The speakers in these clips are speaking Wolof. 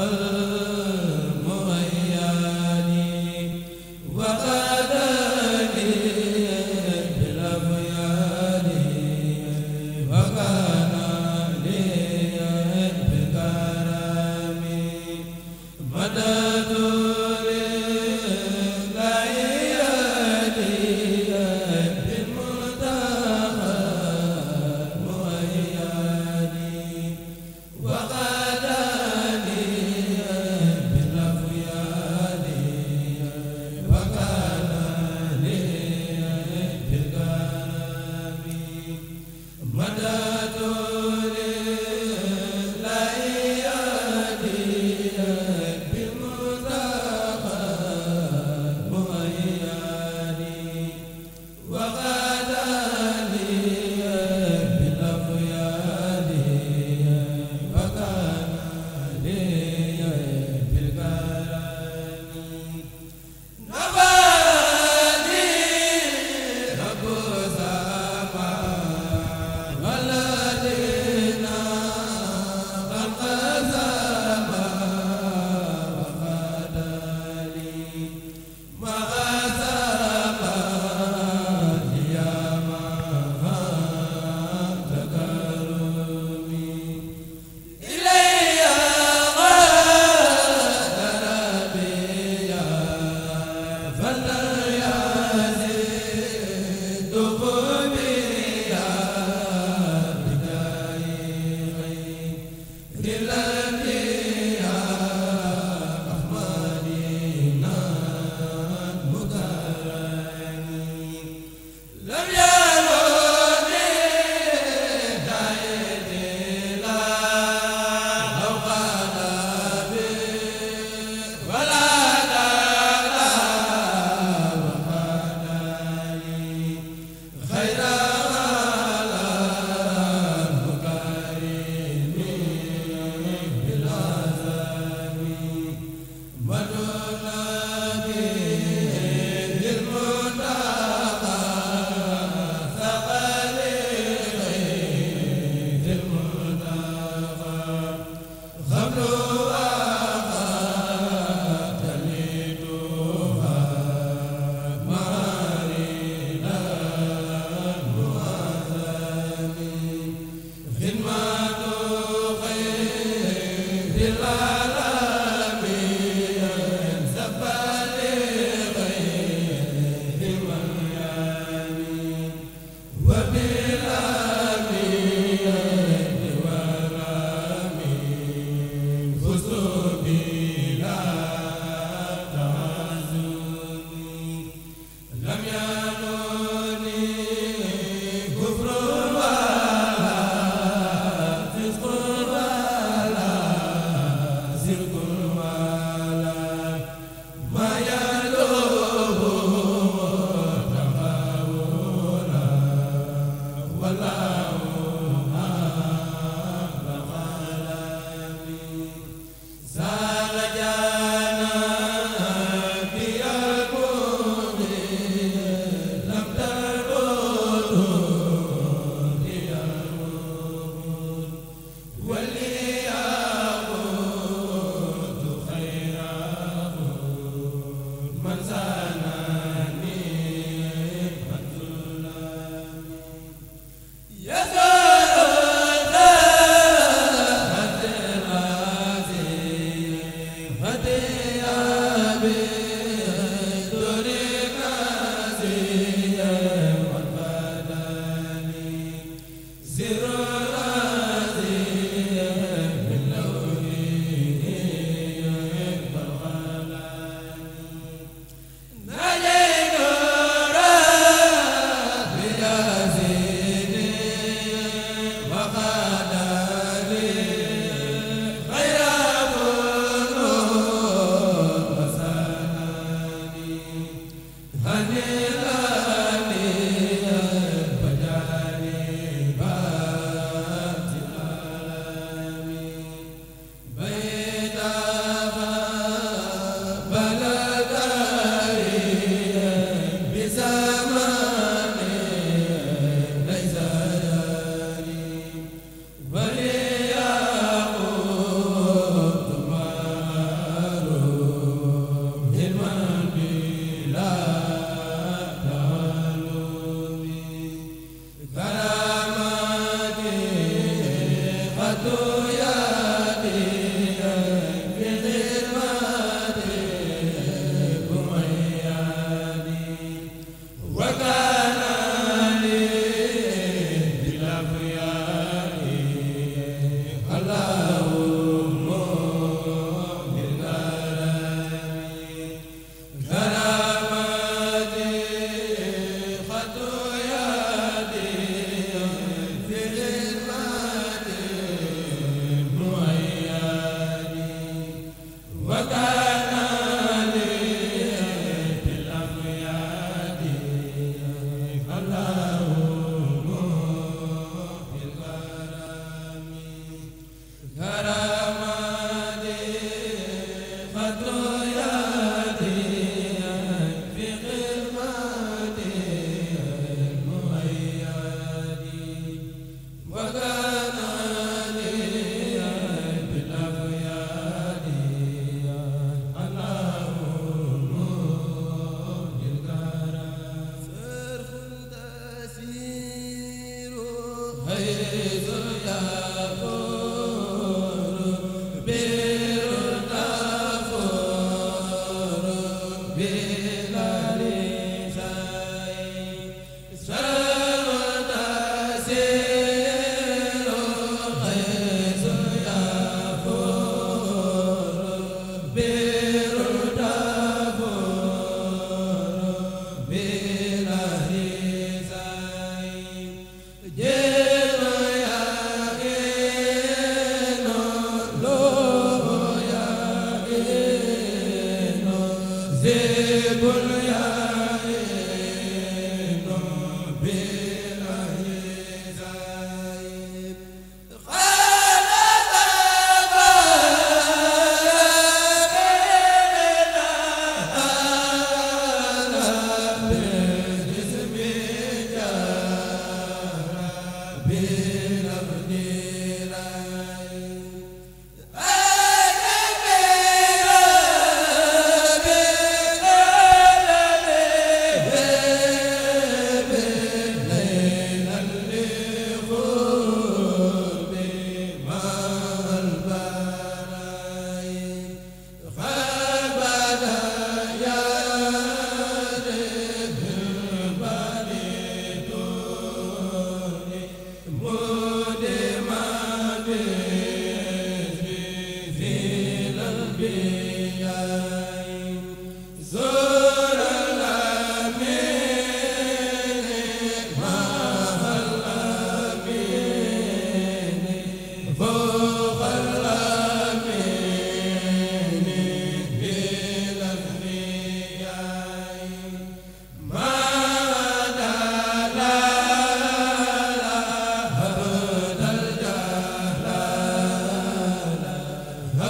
fa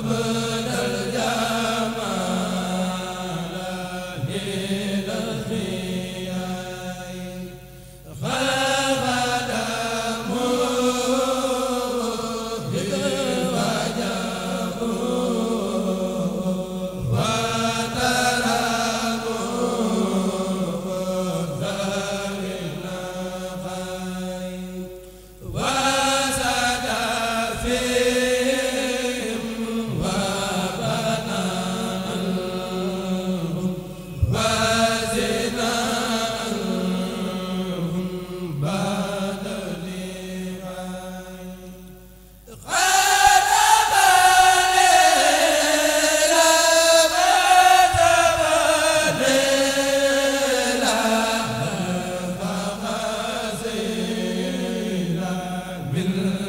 Baba bil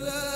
la